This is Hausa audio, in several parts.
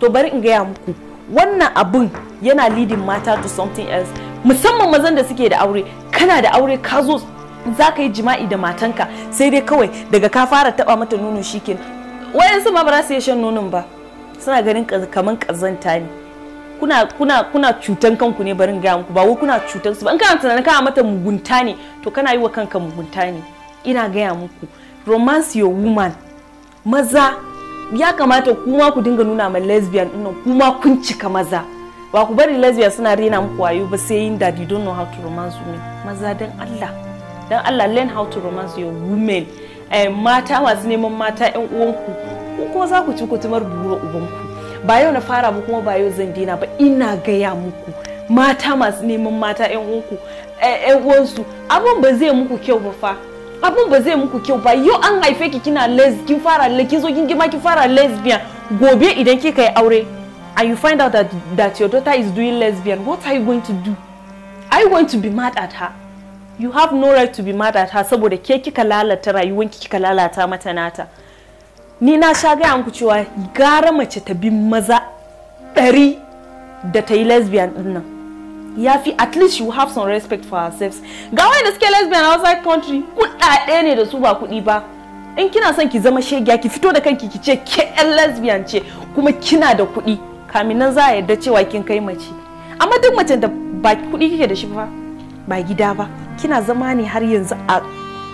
to bari in gaya muku wannan abun yana leading mata to something else musamman mazan da suke da aure kana da aure ka zo za ka yi jima'i da matanka sai dai kawai daga ka fara taba mata nono shikin wayansu ma ba za su iya shan nonon ba suna ganin kamar kazanta ne kuna kuna kuna cutan kanku ne barin gaya muku ba wai kuna cutan su ba in kana tunanin kana mata mugunta ne to kana yi wa kanka mugunta ne ina gaya muku romance your woman maza ya kamata kuma ku dinga nuna ma lesbian dinnan kuma kun cika maza ba ku bari lesbian suna rena muku wayo ba sai yin daddy don't know how to romance women maza dan Allah dan Allah learn how to romance your women eh, mata masu neman mata yan uwanku ku ko za ku ci kutumar buwa ubanku ba yau na fara ba kuma ba yau zan dina ba ina gaya muku mata masu neman mata yan uwanku yan eh, su abin ba zai muku kyau ba fa abun ba zai muku kyau ba yau an haife ki kina les kin fara le kin zo kin gima kin fara lesbian gobe idan kika yi aure and you find out that that your daughter is doing lesbian what are you going to do are you going to be mad at her you have no right to be mad at her saboda ke kika lalata ki kika lalata mata nata ni na sha gaya muku cewa gara mace ta bi maza ɗari da ta yi lesbian ɗin nan yafi at least you have some respect for ourselves ga wanda suke lesbian outside country kuɗaɗe ne da su ba kuɗi ba in kina son ki zama shegiya ki fito da kanki ki ce ke yan lesbian ce kuma kina da kuɗi kamin nan za a yarda cewa kin kai mace amma duk macen da ba kuɗi kike da shi ba gida ba kina zama ne har yanzu a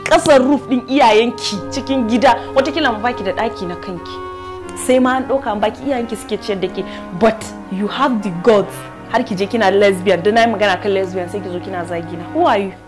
ƙasar roof ɗin iyayenki cikin gida watakila ma baki da ɗaki na kanki sai ma an ɗauka baki iyayenki suke ciyar da ke but you have the gods har ki je kina lesbian dan nayi magana kan lesbian sai ki zo kina zagina na who are you